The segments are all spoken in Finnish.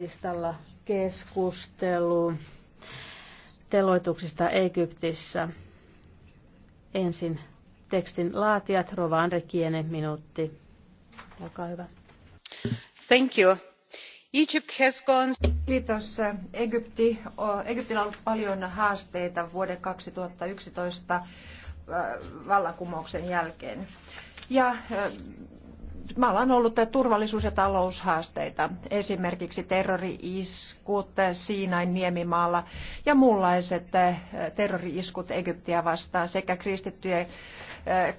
listalla keskustelu teloituksista Egyptissä. Ensin tekstin laatijat, Rova Andre Kiene, minuutti. Olkaa hyvä. Thank you. Egypt has gone... Kiitos. Egypti, Egyptillä on ollut paljon haasteita vuoden 2011 vallankumouksen jälkeen. Ja maalla on ollut turvallisuus- ja taloushaasteita, esimerkiksi terrori-iskut Siinain niemimaalla ja muunlaiset eh, terrori-iskut Egyptiä vastaan sekä kristittyjen eh,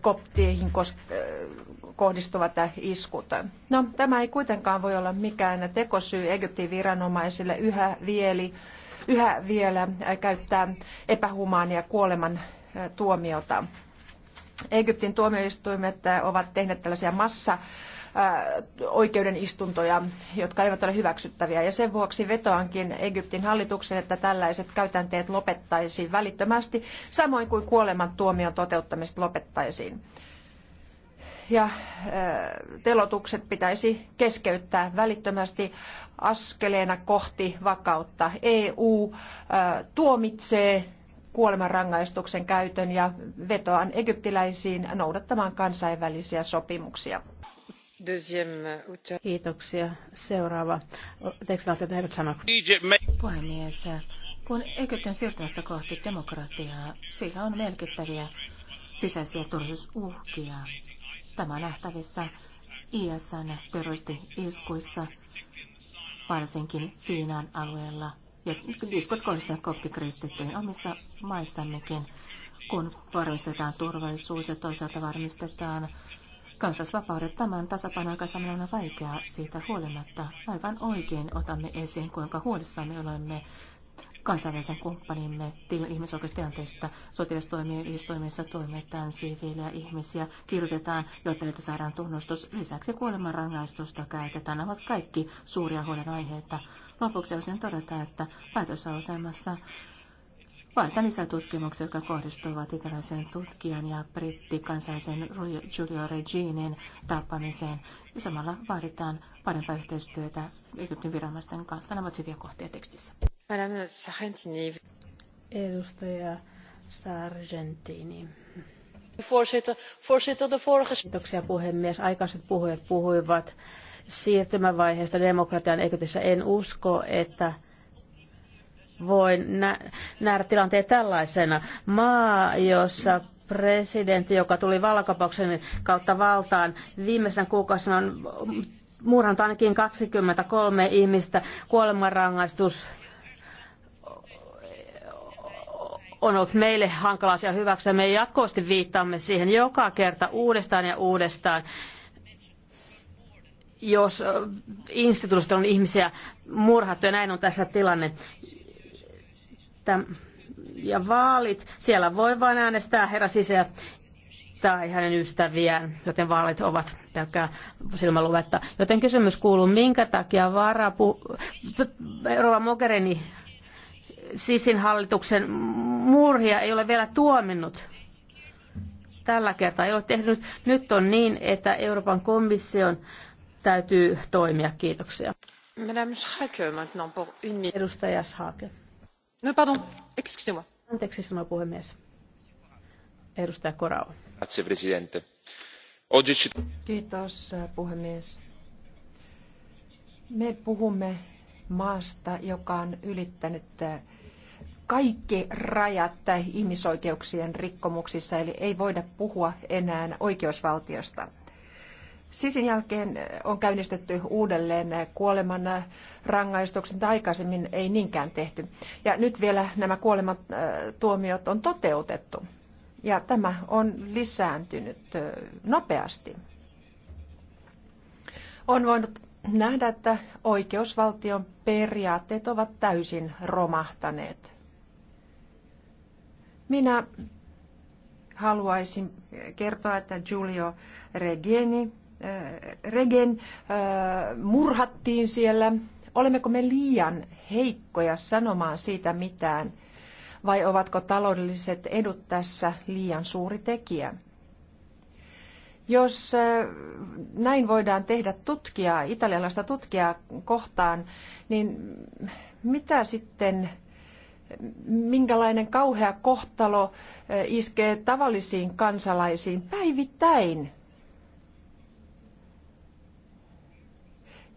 koptiihin eh, kohdistuvat iskut. No, tämä ei kuitenkaan voi olla mikään tekosyy Egyptin viranomaisille yhä vieli yhä vielä käyttää epähumaania kuoleman tuomiota. Egyptin tuomioistuimet äh, ovat tehneet tällaisia massa äh, oikeuden istuntoja, jotka eivät ole hyväksyttäviä. Ja sen vuoksi vetoankin Egyptin hallituksen, että tällaiset käytänteet lopettaisiin välittömästi, samoin kuin kuoleman tuomion toteuttamista lopettaisiin. Ja äh, telotukset pitäisi keskeyttää välittömästi askeleena kohti vakautta. EU tuomitsee kuolemanrangaistuksen käytön ja vetoan egyptiläisiin noudattamaan kansainvälisiä sopimuksia. Kiitoksia. Seuraava Puhemies, kun Egyptin siirtymässä kohti demokratiaa, siellä on merkittäviä sisäisiä turvallisuusuhkia. Tämä on nähtävissä ISN terroristi-iskuissa, varsinkin Siinan alueella – ja diskot kohdistuvat koptikristittyjen omissa maissammekin, kun varmistetaan turvallisuus ja toisaalta varmistetaan kansallisvapaudet. Tämän tasapainon aikaisemmin on vaikeaa siitä huolimatta. Aivan oikein otamme esiin, kuinka huolissamme olemme kansainvälisen kumppanimme ihmisoikeustilanteesta. Sotilastoimissa toimitaan siviilejä ihmisiä, kirjoitetaan, jotta heiltä saadaan tunnustus. Lisäksi kuolemanrangaistusta käytetään. Nämä ovat kaikki suuria huolenaiheita. Lopuksi olisin todeta, että päätösasemassa Vaaditaan lisää tutkimuksia, jotka kohdistuvat italaisen tutkijan ja brittikansaisen Giulio Reginin tappamiseen. Ja samalla vaaditaan parempaa yhteistyötä Egyptin viranomaisten kanssa. Nämä ovat hyviä kohtia tekstissä. Madame Sargentini. Edustaja Sargentini. Kiitoksia puhemies. Aikaiset puhujat puhuivat siirtymävaiheesta demokratian Egyptissä. En usko, että voin nä- nähdä tilanteen tällaisena. Maa, jossa presidentti, joka tuli vallankapauksen kautta valtaan, viimeisenä kuukausina on murhannut ainakin 23 ihmistä, kuolemanrangaistus on ollut meille hankala asia hyväksyä. Me jatkuvasti viittaamme siihen joka kerta uudestaan ja uudestaan. Jos instituutista on ihmisiä murhattu, ja näin on tässä tilanne. Ja vaalit, siellä voi vain äänestää herra sisä tai hänen ystäviään, joten vaalit ovat pelkkää silmäluvetta. Joten kysymys kuuluu, minkä takia varapu... Rova Mogherini Sisin hallituksen murhia ei ole vielä tuominnut. Tällä kertaa ei ole tehnyt. Nyt on niin, että Euroopan komission täytyy toimia. Kiitoksia. Madame Schrake, maintenant pour une minute. Edustaja Schrake. No, pardon, excusez-moi. Anteeksi, sanoi puhemies. Edustaja Korao. Grazie, presidente. Oggi ci... Kiitos, puhemies. Me puhumme maasta, joka on ylittänyt eh, kaikki rajat tai ihmisoikeuksien rikkomuksissa, eli ei voida puhua enää oikeusvaltiosta. Sisin jälkeen eh, on käynnistetty uudelleen eh, kuoleman rangaistuksen, tai aikaisemmin ei niinkään tehty. Ja nyt vielä nämä tuomiot on toteutettu. Ja tämä on lisääntynyt nopeasti. On voinut nähdä, että oikeusvaltion periaatteet ovat täysin romahtaneet. Minä haluaisin kertoa, että Giulio Regeni, äh, Regen äh, murhattiin siellä. Olemmeko me liian heikkoja sanomaan siitä mitään vai ovatko taloudelliset edut tässä liian suuri tekijä? Jos näin voidaan tehdä tutkia, italialaista tutkijaa kohtaan, niin mitä sitten, minkälainen kauhea kohtalo iskee tavallisiin kansalaisiin päivittäin?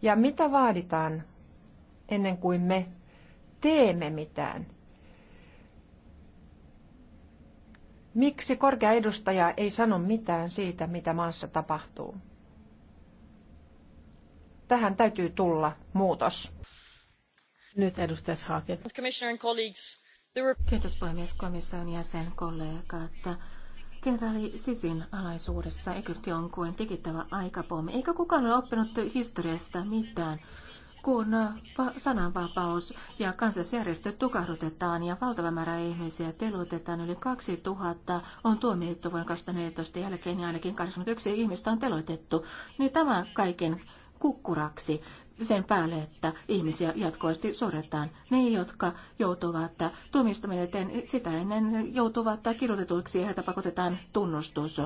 Ja mitä vaaditaan ennen kuin me teemme mitään? Miksi korkea edustaja ei sano mitään siitä, mitä maassa tapahtuu? Tähän täytyy tulla muutos. Nyt edustaja Haake. Kiitos puhemies komission jäsen kollegat. Kenraali Sisin alaisuudessa Egypti on kuin tikittävä aikapommi. Eikä kukaan ole oppinut historiasta mitään kun äh, sananvapaus ja kansallisjärjestöt tukahdutetaan ja valtava määrä ihmisiä teloitetaan, yli 2000 on tuomittu vuonna 2014 jälkeen ja ainakin 81 ihmistä on teloitettu, niin tämä kaiken kukkuraksi sen päälle, että ihmisiä jatkuvasti sorretaan. Ne, jotka joutuvat tuomistamiseen sitä ennen joutuvat kirjoitetuiksi ja heitä pakotetaan tunnustus.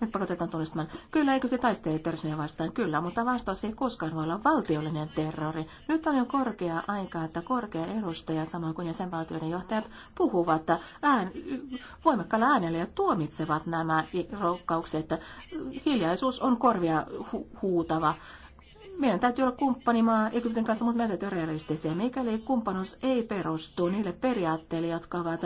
Me pakotetaan tunnistamaan. Kyllä, eikö te taistele terrorismia vastaan, kyllä, mutta vastaus ei koskaan voi olla valtiollinen terrori. Nyt on jo korkea aika, että korkea edustaja, samoin kuin jäsenvaltioiden johtajat, puhuvat ään, voimakkaalla äänellä ja tuomitsevat nämä roukkaukset. Hiljaisuus on korvia hu- huutava meidän täytyy olla kumppanimaa Egyptin kanssa, mutta meidän täytyy olla realistisia. Mikäli kumppanuus ei perustu niille periaatteille, jotka ovat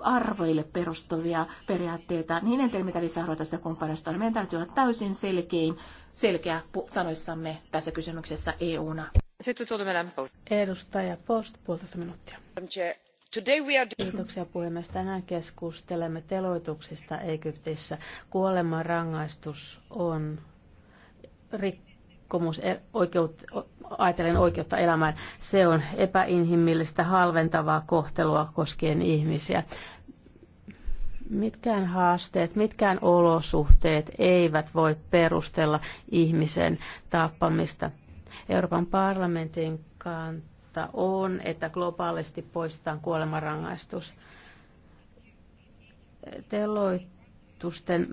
arvoille perustuvia periaatteita, niin en tee mitään lisäarvoa tästä kumppanuudesta. Meidän täytyy olla täysin selkein, selkeä sanoissamme tässä kysymyksessä EU-na. Sitten tuotamme Edustaja Post, puolitoista minuuttia. Today we are... Kiitoksia puhemies. Tänään keskustelemme teloituksista Egyptissä. Kuoleman rangaistus on rik- rikkomus e, oikeut, ajatellen oikeutta elämään. Se on epäinhimillistä, halventavaa kohtelua koskien ihmisiä. Mitkään haasteet, mitkään olosuhteet eivät voi perustella ihmisen tappamista. Euroopan parlamentin kanta on, että globaalisti poistetaan kuolemanrangaistus. Deloitte Valitusten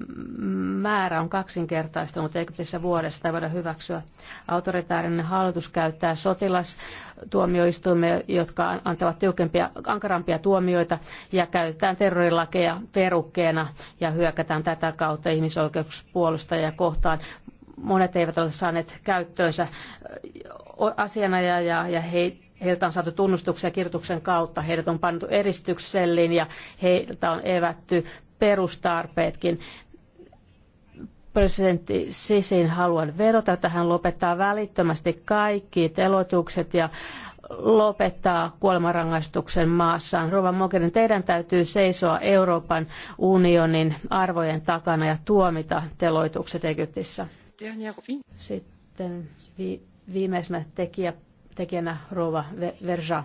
määrä on kaksinkertaistunut Egyptissä vuodessa. Sitä voida hyväksyä. Autoritaarinen hallitus käyttää sotilastuomioistuimia, jotka antavat tiukempia, ankarampia tuomioita ja käytetään terrorilakeja perukkeena ja hyökätään tätä kautta ihmisoikeuspuolustajia kohtaan monet eivät ole saaneet käyttöönsä asianajaja ja, ja he, heiltä on saatu tunnustuksia kirjoituksen kautta. Heidät on pantu eristyksellin ja heiltä on evätty perustarpeetkin. Presidentti Sisin haluan vedota, että hän lopettaa välittömästi kaikki teloitukset ja lopettaa kuolemanrangaistuksen maassaan. Rova Mogherin, teidän täytyy seisoa Euroopan unionin arvojen takana ja tuomita teloitukset Egyptissä. Sitten vi- viimeisenä tekijä, tekijänä Rova Verja.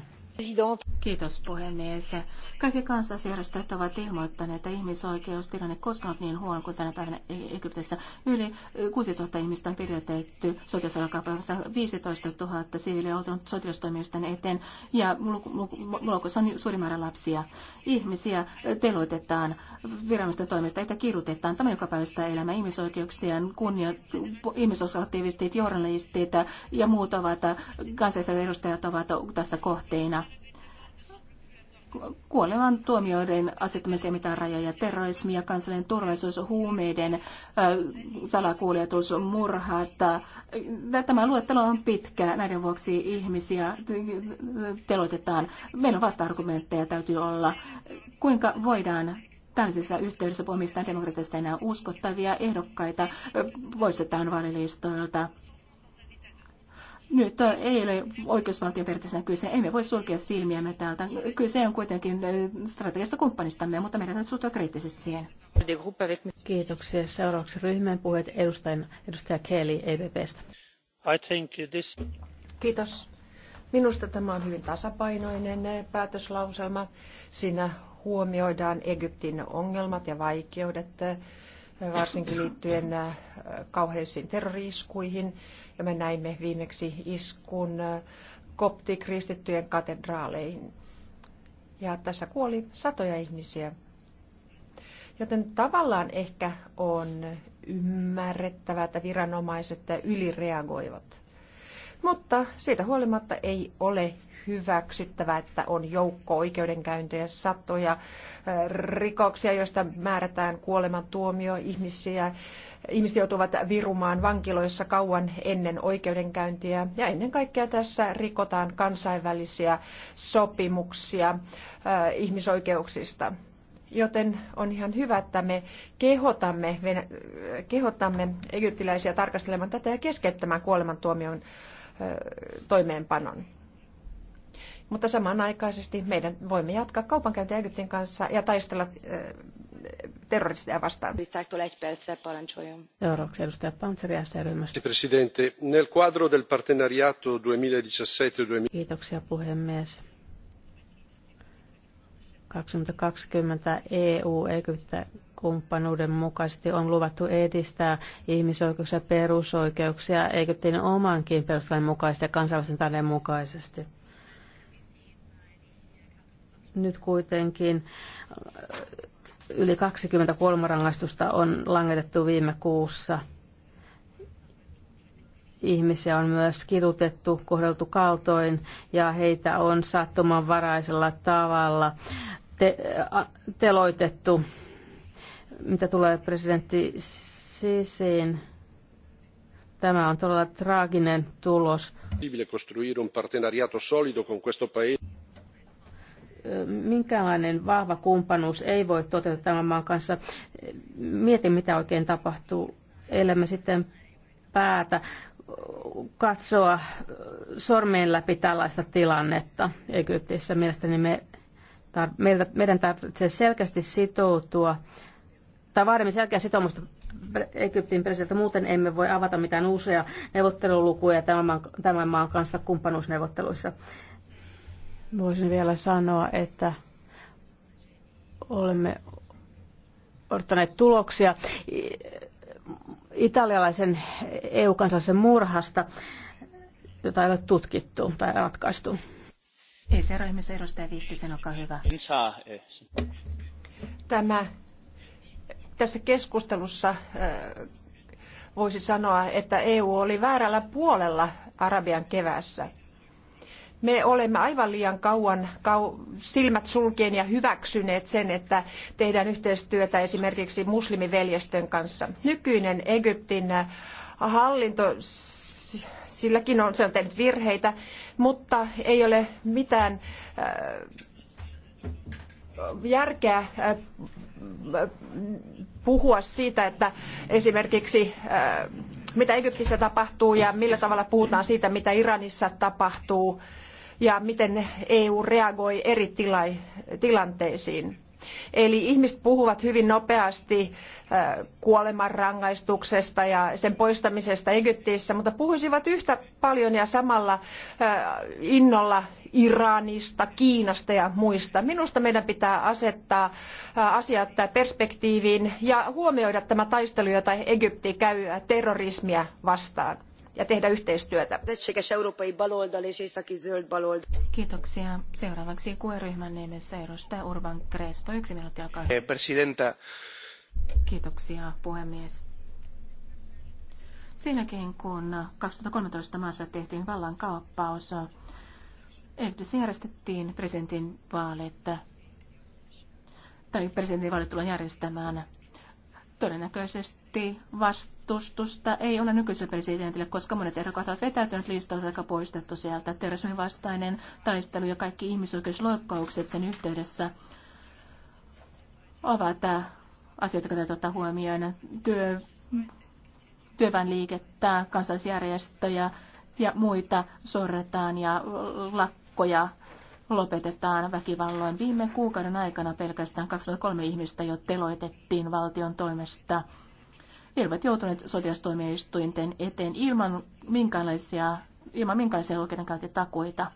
Kiitos puhemies. Kaikki kansalaisjärjestöt ovat ilmoittaneet, että ihmisoikeustilanne koskaan niin huono kuin tänä päivänä e- Egyptissä. Yli 6000 ihmistä on pidätetty sotilasalakaupassa, 15 000 siviiliä on joutunut sotilastoimijoiden eteen ja luokossa on suuri määrä lapsia. Ihmisiä teloitetaan viranomaisten toimesta, että kirjoitetaan tämä joka päivästä elämää. Ihmisoikeuksien kunnia, ihmisoikeusaktivistit, journalistit ja muut ovat, kansalliset edustajat ovat tässä kohteina kuolevan tuomioiden asettamisia mitään rajoja, terrorismi ja kansallinen turvallisuus, huumeiden salakuljetus, murhat. Tämä luettelo on pitkä, näiden vuoksi ihmisiä teloitetaan. Meillä on vasta-argumentteja täytyy olla. Kuinka voidaan tällaisessa yhteydessä puhua mistään demokratiasta enää uskottavia ehdokkaita poistetaan vaalilistoilta. Nyt äh, ei ole periaatteessa kyse. Emme voi sulkea silmiämme täältä. Kyse on kuitenkin äh, strategista kumppanistamme, mutta meidän täytyy suhtautua kriittisesti siihen. Kiitoksia. Seuraavaksi ryhmän puheet edustajan, edustaja Kelly EPPstä. This... Kiitos. Minusta tämä on hyvin tasapainoinen äh, päätöslauselma. Siinä huomioidaan Egyptin ongelmat ja vaikeudet varsinkin liittyen äh, kauheisiin terroriiskuihin. Ja me näimme viimeksi iskun äh, koptikristittyjen katedraaleihin. Ja tässä kuoli satoja ihmisiä. Joten tavallaan ehkä on ymmärrettävää, että viranomaiset ylireagoivat. Mutta siitä huolimatta ei ole Hyväksyttävä, että on joukko oikeudenkäyntejä, satoja rikoksia, joista määrätään kuolemantuomio. Ihmisiä, ihmiset joutuvat virumaan vankiloissa kauan ennen oikeudenkäyntiä. Ja ennen kaikkea tässä rikotaan kansainvälisiä sopimuksia ihmisoikeuksista joten on ihan hyvä, että me kehotamme, kehotamme egyptiläisiä tarkastelemaan tätä ja keskeyttämään kuolemantuomion toimeenpanon. Mutta samanaikaisesti meidän voimme jatkaa kaupankäyntiä Egyptin kanssa ja taistella äh, terroristeja vastaan. Seuraavaksi edustaja Pantseri ryhmästä. Presidente, Kiitoksia puhemies. 2020 EU-Egyptä-kumppanuuden mukaisesti on luvattu edistää ihmisoikeuksia ja perusoikeuksia Egyptin omankin perustuslain mukaisesti ja kansainvälisen talouden mukaisesti. Nyt kuitenkin äh, yli 23 rangaistusta on langetettu viime kuussa. Ihmisiä on myös kidutettu, kohdeltu kaltoin ja heitä on sattumanvaraisella tavalla te- äh, a- teloitettu. Mitä tulee presidentti Sisiin, tämä on todella traaginen tulos minkäänlainen vahva kumppanuus ei voi toteuttaa tämän maan kanssa. Mietin, mitä oikein tapahtuu. Elämme sitten päätä katsoa sormien läpi tällaista tilannetta Egyptissä. Mielestäni me, tar- meiltä, meidän tarvitsee selkeästi sitoutua, tai vaadimme selkeä sitoumusta Egyptin presidentiltä. Muuten emme voi avata mitään uusia neuvottelulukuja tämän maan, tämän maan kanssa kumppanuusneuvotteluissa. Voisin vielä sanoa, että olemme odottaneet tuloksia italialaisen eu kansallisen murhasta, jota ei ole tutkittu tai ratkaistu. Ei se ryhmässä edustaja Vistisen, olkaa hyvä. Tämä, tässä keskustelussa äh, voisi sanoa, että EU oli väärällä puolella Arabian kevässä me olemme aivan liian kauan kau, silmät sulkien ja hyväksyneet sen, että tehdään yhteistyötä esimerkiksi muslimiveljestön kanssa. Nykyinen Egyptin äh, hallinto, silläkin on, se on tehnyt virheitä, mutta ei ole mitään äh, järkeä äh, puhua siitä, että esimerkiksi mitä Egyptissä tapahtuu ja millä tavalla puhutaan siitä, mitä Iranissa tapahtuu ja miten EU reagoi eri tila, tilanteisiin. Eli ihmiset puhuvat hyvin nopeasti äh, kuolemanrangaistuksesta ja sen poistamisesta Egyptissä, mutta puhuisivat yhtä paljon ja samalla äh, innolla Iranista, Kiinasta ja muista. Minusta meidän pitää asettaa äh, asiat perspektiiviin ja huomioida tämä taistelu, jota Egypti käy terrorismia vastaan ja tehdä yhteistyötä. Kiitoksia. Seuraavaksi QE-ryhmän nimessä edustaja Urban Crespo. Yksi minuutti alkaa. Eh, presidenta. Kiitoksia, puhemies. Sen kun 2013 maassa tehtiin vallankaappaus, Egyptissä järjestettiin presidentin vaalit, tai presidentin vaalit tullaan järjestämään. Todennäköisesti vastustusta ei ole nykyiselle presidentille, koska monet ehdokkaat ovat vetäytyneet listalta tai poistettu sieltä. Terrorismin vastainen taistelu ja kaikki ihmisoikeusloukkaukset sen yhteydessä ovat äh, asioita, jotka täytyy ottaa huomioon. Työ, työväenliikettä, kansalaisjärjestöjä ja muita sorretaan ja lakkoja lopetetaan väkivalloin. Viime kuukauden aikana pelkästään 23 ihmistä jo teloitettiin valtion toimesta. He olivat joutuneet sotilastoimistointen eteen ilman minkäänlaisia, ilman minkäänlaisia oikeudenkäyntitakuita.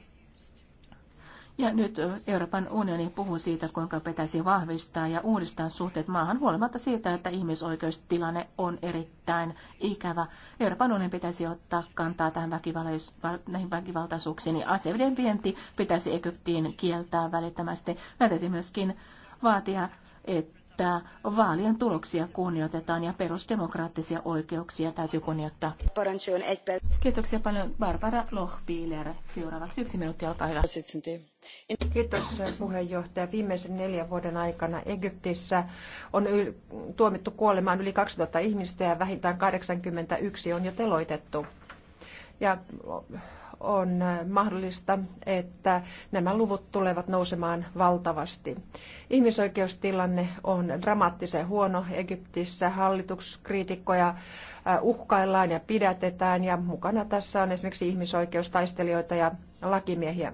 Ja nyt Euroopan unioni puhuu siitä, kuinka pitäisi vahvistaa ja uudistaa suhteet maahan huolimatta siitä, että ihmisoikeustilanne on erittäin ikävä. Euroopan unioni pitäisi ottaa kantaa tähän väkivaltais- näihin väkivaltaisuuksiin niin aseiden vienti pitäisi Egyptiin kieltää välittömästi. Mä täytyy myöskin vaatia, että että vaalien tuloksia kunnioitetaan ja perusdemokraattisia oikeuksia täytyy kunnioittaa. Kiitoksia paljon Barbara Lohpiiler. Seuraavaksi yksi minuutti, olkaa hyvä. Kiitos puheenjohtaja. Viimeisen neljän vuoden aikana Egyptissä on yl- tuomittu kuolemaan yli 2000 ihmistä ja vähintään 81 on jo teloitettu. Ja on mahdollista, että nämä luvut tulevat nousemaan valtavasti. Ihmisoikeustilanne on dramaattisen huono Egyptissä. Hallituskriitikkoja äh, uhkaillaan ja pidätetään ja mukana tässä on esimerkiksi ihmisoikeustaistelijoita ja lakimiehiä.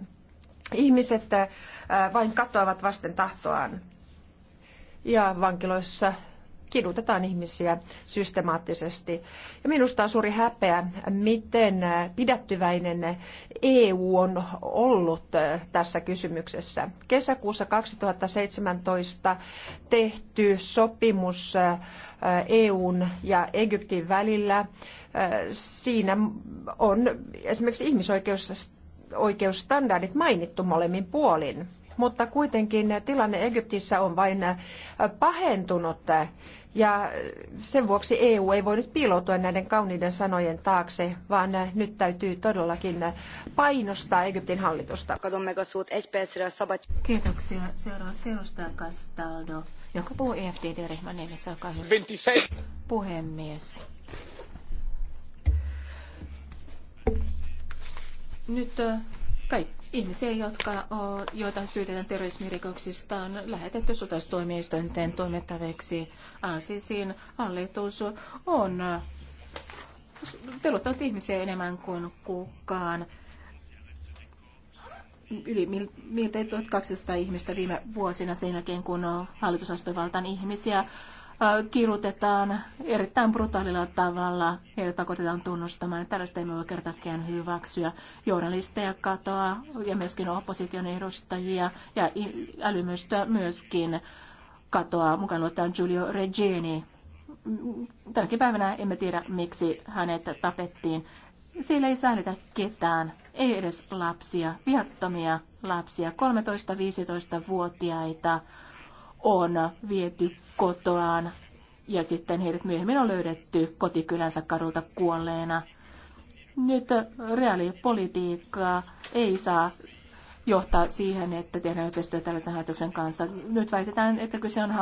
Ihmiset äh, vain katoavat vasten tahtoaan ja vankiloissa kidutetaan ihmisiä systemaattisesti. Ja minusta on suuri häpeä, miten pidättyväinen EU on ollut äh, tässä kysymyksessä. Kesäkuussa 2017 tehty sopimus äh, EUn ja Egyptin välillä, äh, siinä on esimerkiksi ihmisoikeusstandardit mainittu molemmin puolin mutta kuitenkin tilanne Egyptissä on vain äh, pahentunut ja sen vuoksi EU ei voi nyt piiloutua näiden kauniiden sanojen taakse, vaan äh, nyt täytyy todellakin äh, painostaa Egyptin hallitusta. Kiitoksia. Seuraavaksi edustaja Castaldo, joka puhuu EFDD-ryhmän nimessä. Olkaa hyvä. 27. Puhemies. Nyt kaikki Ihmisiä, jotka, joita syytetään terrorismirikoksista, on lähetetty sotaistoimistointen toimittaviksi. Aasisin hallitus on pelottanut ihmisiä enemmän kuin kukaan. Yli miltei 1200 ihmistä viime vuosina sen jälkeen, kun hallitus astui valtaan ihmisiä Äh, kirjoitetaan erittäin brutaalilla tavalla. Heidät pakotetaan tunnustamaan, että tällaista emme voi kertakaan hyväksyä. Journalisteja katoaa ja myöskin opposition edustajia ja älymystöä myöskin katoaa. Mukaan luetaan Giulio Regeni. Tänäkin päivänä emme tiedä, miksi hänet tapettiin. Siellä ei säälitä ketään, ei edes lapsia, viattomia lapsia, 13-15-vuotiaita on viety kotoaan ja sitten heidät myöhemmin on löydetty kotikylänsä kadulta kuolleena. Nyt reaalipolitiikkaa ei saa johtaa siihen, että tehdään yhteistyötä tällaisen hallituksen kanssa. Nyt väitetään, että kyse on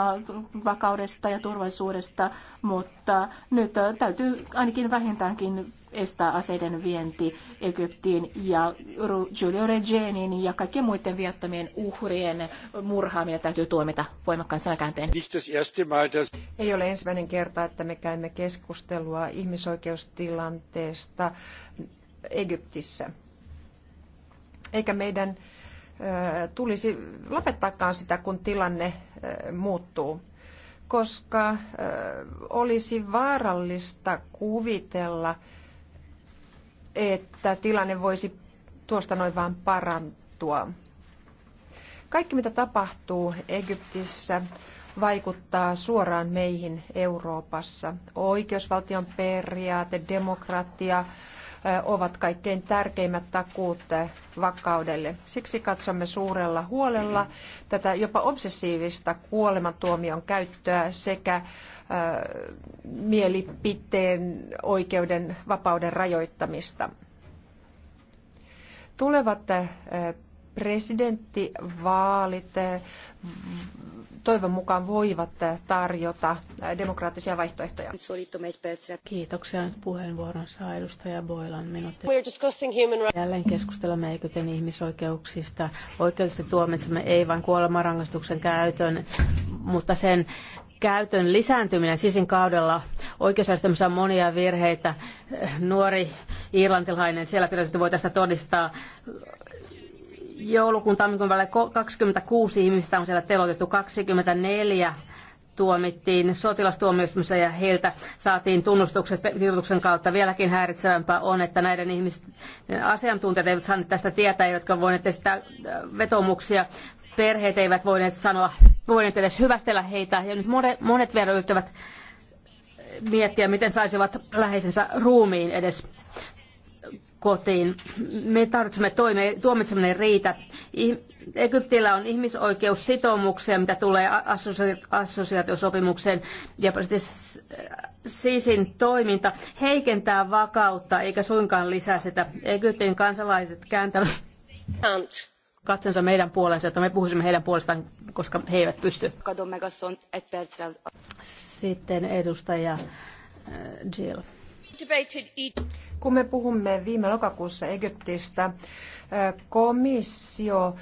vakaudesta ja turvallisuudesta, mutta nyt täytyy ainakin vähintäänkin estää aseiden vienti Egyptiin ja Giulio Regenin ja kaikkien muiden viattomien uhrien murhaaminen täytyy tuomita voimakkaan sanakäänteen. Ei ole ensimmäinen kerta, että me käymme keskustelua ihmisoikeustilanteesta Egyptissä. Eikä meidän tulisi lopettaakaan sitä, kun tilanne muuttuu koska olisi vaarallista kuvitella, että tilanne voisi tuosta noin vaan parantua. Kaikki mitä tapahtuu Egyptissä vaikuttaa suoraan meihin Euroopassa. Oikeusvaltion periaate, demokratia, ovat kaikkein tärkeimmät takuut vakaudelle. Siksi katsomme suurella huolella tätä jopa obsessiivista kuolemantuomion käyttöä sekä mielipiteen oikeuden vapauden rajoittamista. Tulevat presidenttivaalit toivon mukaan voivat tarjota demokraattisia vaihtoehtoja. Kiitoksia. Nyt puheenvuoron saa edustaja Boylan minuutti. Human... Jälleen keskustelemme eiköten ihmisoikeuksista. Oikeudesta tuomitsemme ei vain kuolemanrangaistuksen käytön, mutta sen käytön lisääntyminen sisin kaudella oikeusjärjestelmässä on monia virheitä. Nuori irlantilainen siellä pidetty voi tästä todistaa joulukuun tammikuun välillä 26 ihmistä on siellä telotettu, 24 tuomittiin sotilastuomioistuimessa ja heiltä saatiin tunnustukset kirjoituksen kautta. Vieläkin häiritsevämpää on, että näiden ihmisten asiantuntijat eivät saaneet tästä tietää, jotka voineet esittää äh, vetomuksia. Perheet eivät voineet sanoa, voineet edes hyvästellä heitä. Ja nyt monet, monet vielä yrittävät miettiä, miten saisivat läheisensä ruumiin edes kotiin. Me tarvitsemme toime, tuomitseminen riitä. Egyptillä on ihmisoikeussitoumuksia, mitä tulee assosiaatiosopimukseen ja siisin toiminta heikentää vakautta eikä suinkaan lisää sitä. Egyptin kansalaiset kääntävät katsensa meidän puolensa, että me puhuisimme heidän puolestaan, koska he eivät pysty. Sitten edustaja eh, Jill. Kun me puhumme viime lokakuussa Egyptistä, komissio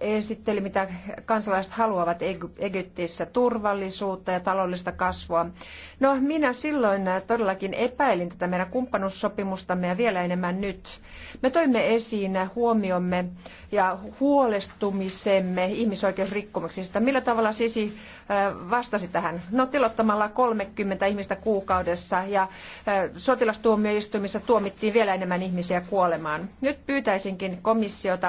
esitteli, mitä kansalaiset haluavat Egyptissä, turvallisuutta ja taloudellista kasvua. No, minä silloin todellakin epäilin tätä meidän kumppanuussopimustamme ja vielä enemmän nyt. Me toimme esiin huomiomme ja huolestumisemme ihmisoikeusrikkomuksista. Millä tavalla Sisi vastasi tähän? No, tilottamalla 30 ihmistä kuukaudessa ja sotilastuomioistuin tuomioistuimissa tuomittiin vielä enemmän ihmisiä kuolemaan. Nyt pyytäisinkin komissiota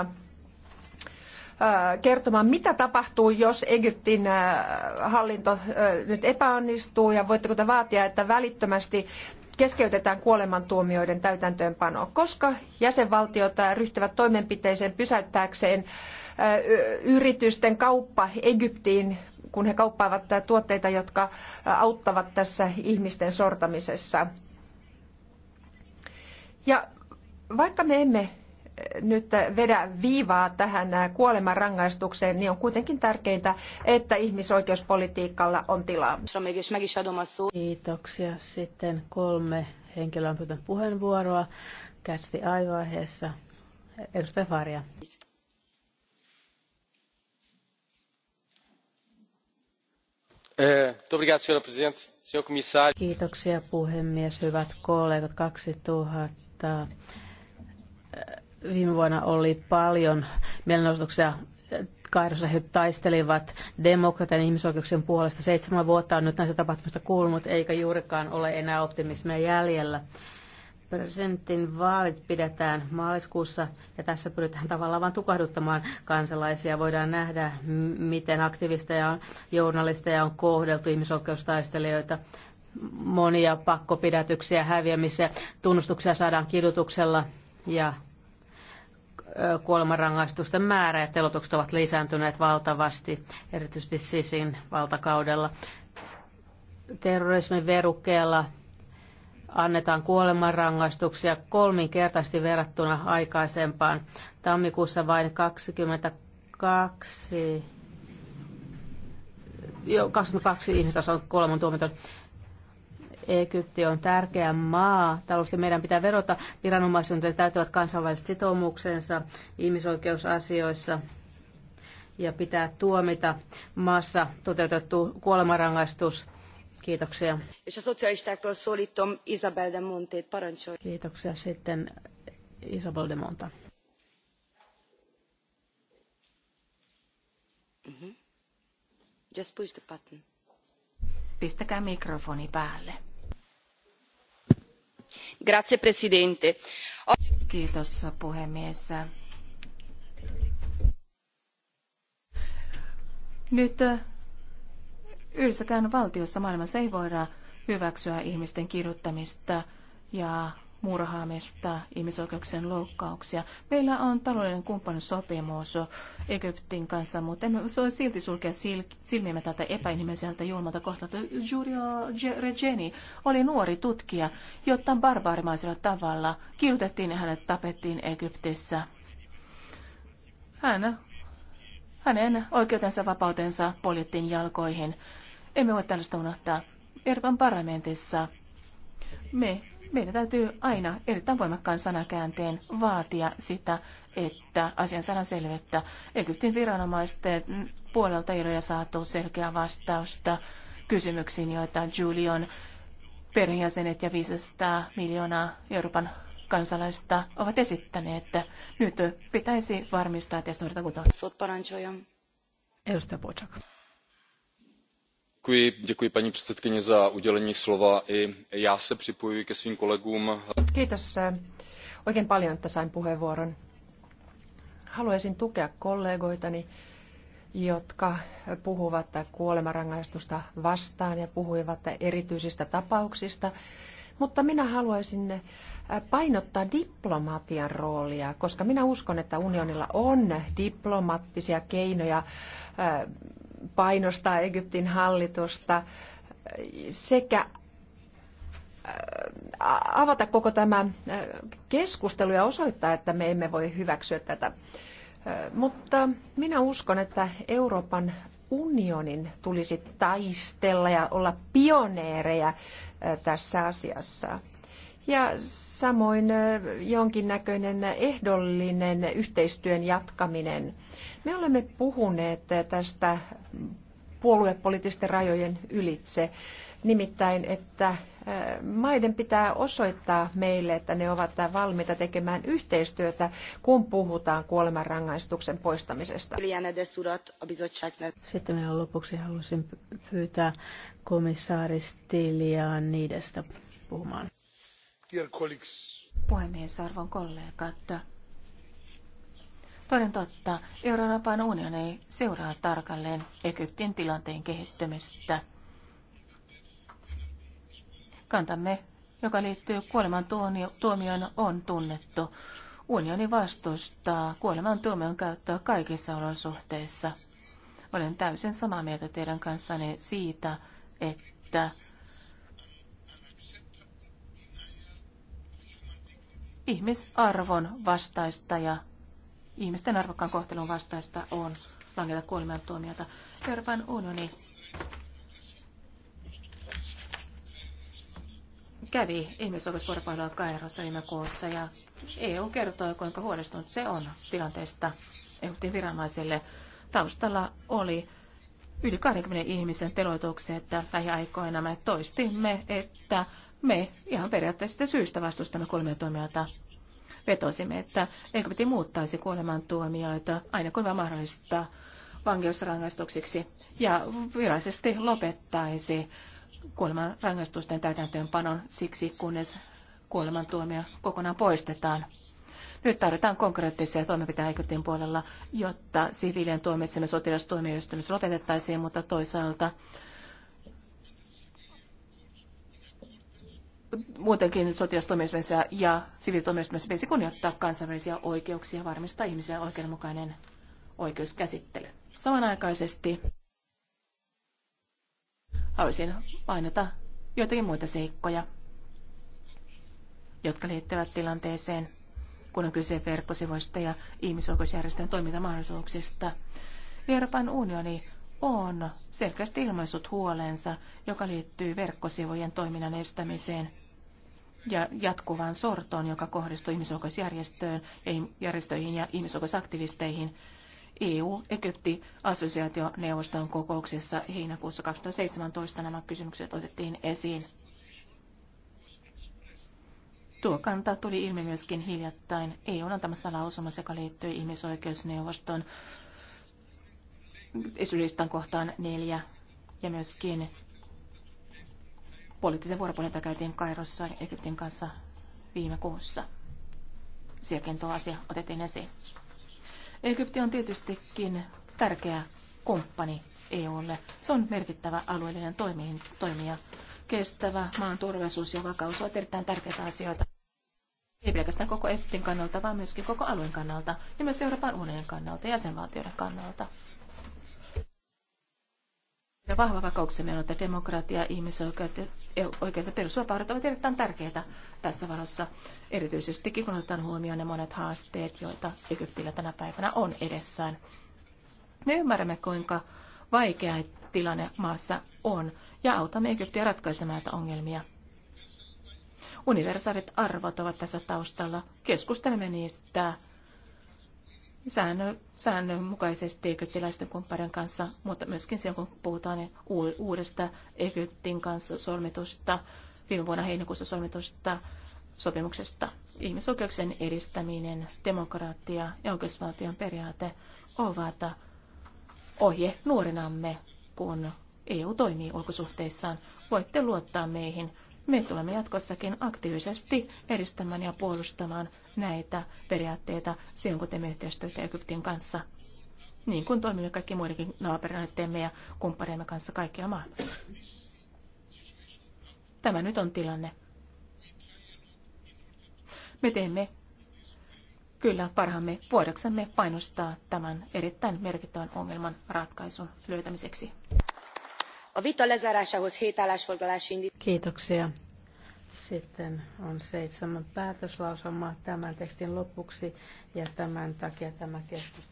äh, kertomaan, mitä tapahtuu, jos Egyptin äh, hallinto äh, nyt epäonnistuu ja voitteko te vaatia, että välittömästi keskeytetään kuolemantuomioiden täytäntöönpano, koska jäsenvaltiot ryhtyvät toimenpiteeseen pysäyttääkseen yritysten kauppa Egyptiin, kun he kauppaavat tuotteita, jotka auttavat tässä ihmisten sortamisessa. Ja vaikka me emme eh, nyt vedä viivaa tähän eh, kuoleman rangaistukseen, niin on kuitenkin tärkeintä, että ihmisoikeuspolitiikalla on tilaa. Kiitoksia. Sitten kolme henkilöä on pyytänyt puheenvuoroa. Kästi aivaiheessa. Edustaja Faria. Eh, Kiitoksia puhemies, hyvät kollegat. 2000 tota, Viime vuonna oli paljon mielenosoituksia Kairossa he taistelivat demokratian ja ihmisoikeuksien puolesta. Seitsemän vuotta on nyt näistä tapahtumista kuulunut, eikä juurikaan ole enää optimismia jäljellä. Presidentin vaalit pidetään maaliskuussa ja tässä pyritään tavallaan vain tukahduttamaan kansalaisia. Voidaan nähdä, miten aktivisteja ja journalisteja on kohdeltu ihmisoikeustaistelijoita monia pakkopidätyksiä, häviämisiä, tunnustuksia saadaan kidutuksella ja kuolemanrangaistusten määrä ja telotukset ovat lisääntyneet valtavasti, erityisesti sisin valtakaudella. Terrorismin verukkeella annetaan kuolemanrangaistuksia kolminkertaisesti verrattuna aikaisempaan. Tammikuussa vain 22, jo 22 ihmistä on kuolemantuomiton. Egypti on tärkeä maa. Talousti meidän pitää verota että täyttävät kansainväliset sitoumuksensa ihmisoikeusasioissa ja pitää tuomita maassa toteutettu kuolemanrangaistus. Kiitoksia. Kiitoksia sitten Isabel de Monta. Mhm. Just push the button. Pistäkää mikrofoni päälle arvoisa puhemies. Nyt äh, yhdessäkään valtiossa maailmassa ei voida hyväksyä ihmisten kirjoittamista ja murhaamista, ihmisoikeuksien loukkauksia. Meillä on taloudellinen kumppanuussopimus Egyptin kanssa, mutta emme voi silti sulkea sil, silmiämme tältä epäinhimilliseltä julmalta kohtalta. Giulio Regeni oli nuori tutkija, jotta barbaarimaisella tavalla kiutettiin ja hänet tapettiin Egyptissä. Hän, hänen oikeutensa vapautensa poljettiin jalkoihin. Emme voi tällaista unohtaa. Euroopan parlamentissa me meidän täytyy aina erittäin voimakkaan sanakäänteen vaatia sitä, että asian saadaan selvettä Egyptin viranomaisten puolelta ei ole saatu selkeää vastausta kysymyksiin, joita Julian perheenjäsenet ja 500 miljoonaa Euroopan kansalaista ovat esittäneet, että nyt pitäisi varmistaa, että jos noudatetaan kuntoon. Edustaja Pochak paní předsedající i já se připojuji ke svým kolegům. kiitos eh, oikein paljon että sain puheenvuoron. haluaisin tukea kollegoitani jotka puhuvat kuolemanrangaistusta vastaan ja puhuivat erityisistä tapauksista mutta minä haluaisin eh, painottaa diplomatian roolia, koska minä uskon, että unionilla on diplomaattisia keinoja eh, painostaa Egyptin hallitusta sekä avata koko tämä keskustelu ja osoittaa, että me emme voi hyväksyä tätä. Mutta minä uskon, että Euroopan unionin tulisi taistella ja olla pioneereja tässä asiassa ja samoin jonkinnäköinen ehdollinen yhteistyön jatkaminen. Me olemme puhuneet tästä puoluepoliittisten rajojen ylitse, nimittäin että maiden pitää osoittaa meille, että ne ovat valmiita tekemään yhteistyötä, kun puhutaan kuolemanrangaistuksen poistamisesta. Sitten minä lopuksi halusin pyytää komissaari Stiliaan niidestä puhumaan. Dear Puhemies, arvon kollegat. Toden totta, Euroopan unioni seuraa tarkalleen Egyptin tilanteen kehittymistä. Kantamme, joka liittyy kuoleman tuomioon, on tunnettu. Unioni vastustaa kuoleman tuomion käyttöä kaikissa olosuhteissa. Olen täysin samaa mieltä teidän kanssanne siitä, että ihmisarvon vastaista ja ihmisten arvokkaan kohtelun vastaista on langeta tuomiota Euroopan unioni kävi ihmisoikeusvuoropuhelua Kairossa viime kuussa ja EU kertoi, kuinka huolestunut se on tilanteesta EUTin viranomaisille. Taustalla oli yli 20 ihmisen teloituksia että lähiaikoina. Me toistimme, että me ihan periaatteessa syystä vastustamme tuomioita. Vetosimme, että Egypti piti muuttaisi kuolemantuomioita aina kun vaan mahdollista vankeusrangaistukseksi ja virallisesti lopettaisi kuoleman rangaistusten täytäntöönpanon siksi, kunnes kuolemantuomio kokonaan poistetaan. Nyt tarvitaan konkreettisia toimenpiteitä Egyptin puolella, jotta siviilien tuomitsemme sotilastuomioistuimessa lopetettaisiin, mutta toisaalta muutenkin sotilastuomioistuimessa ja siviilitoimistossa pitäisi kunnioittaa kansainvälisiä oikeuksia ja varmistaa ihmisille oikeudenmukainen oikeuskäsittely. Samanaikaisesti haluaisin mainita joitakin muita seikkoja, jotka liittyvät tilanteeseen, kun on kyse verkkosivuista ja ihmisoikeusjärjestöjen toimintamahdollisuuksista. Euroopan unioni on selkeästi ilmaissut huolensa, joka liittyy verkkosivujen toiminnan estämiseen – ja jatkuvaan sortoon, joka kohdistuu ihmisoikeusjärjestöihin ja ihmisoikeusaktivisteihin. EU-Egypti-assosiaationeuvoston kokouksessa heinäkuussa 2017 nämä kysymykset otettiin esiin. Tuo kanta tuli ilmi myöskin hiljattain EUn antamassa lausumassa, joka liittyy ihmisoikeusneuvoston esylistan kohtaan neljä ja myöskin poliittisen vuoropuhelun, jota käytiin Kairossa Egyptin kanssa viime kuussa. Sielläkin tuo asia otettiin esiin. Egypti on tietystikin tärkeä kumppani EUlle. Se on merkittävä alueellinen toimija. Kestävä maan turvallisuus ja vakaus ovat erittäin tärkeitä asioita. Ei pelkästään koko EFTin kannalta, vaan myöskin koko alueen kannalta ja myös Euroopan unionin kannalta ja jäsenvaltioiden kannalta. Ja vahva vakauksemme on, että demokratia, ihmisoikeudet ja perusvapaudet ovat erittäin tärkeitä tässä valossa, erityisesti kun otetaan huomioon ne monet haasteet, joita Egyptillä tänä päivänä on edessään. Me ymmärrämme, kuinka vaikea tilanne maassa on ja autamme Egyptiä ratkaisemaan näitä ongelmia. Universaalit arvot ovat tässä taustalla. Keskustelemme niistä säännö, säännönmukaisesti egyptiläisten kumppanien kanssa, mutta myöskin silloin, kun puhutaan uudesta Egyptin kanssa solmitusta, viime vuonna heinäkuussa solmitusta sopimuksesta. Ihmisoikeuksien edistäminen, demokratia ja oikeusvaltion periaate ovat ohje nuorinamme, kun EU toimii ulkosuhteissaan. Voitte luottaa meihin. Me tulemme jatkossakin aktiivisesti edistämään ja puolustamaan näitä periaatteita silloin, kun teemme yhteistyötä Egyptin kanssa. Niin kuin toimimme kaikki muidenkin naapurinoittemme ja kumppaneemme kanssa kaikkialla maailmassa. Tämä nyt on tilanne. Me teemme kyllä parhaamme voidaksemme painostaa tämän erittäin merkittävän ongelman ratkaisun löytämiseksi. Kiitoksia. Sitten on seitsemän päätöslausumaa tämän tekstin lopuksi ja tämän takia tämä keskustelu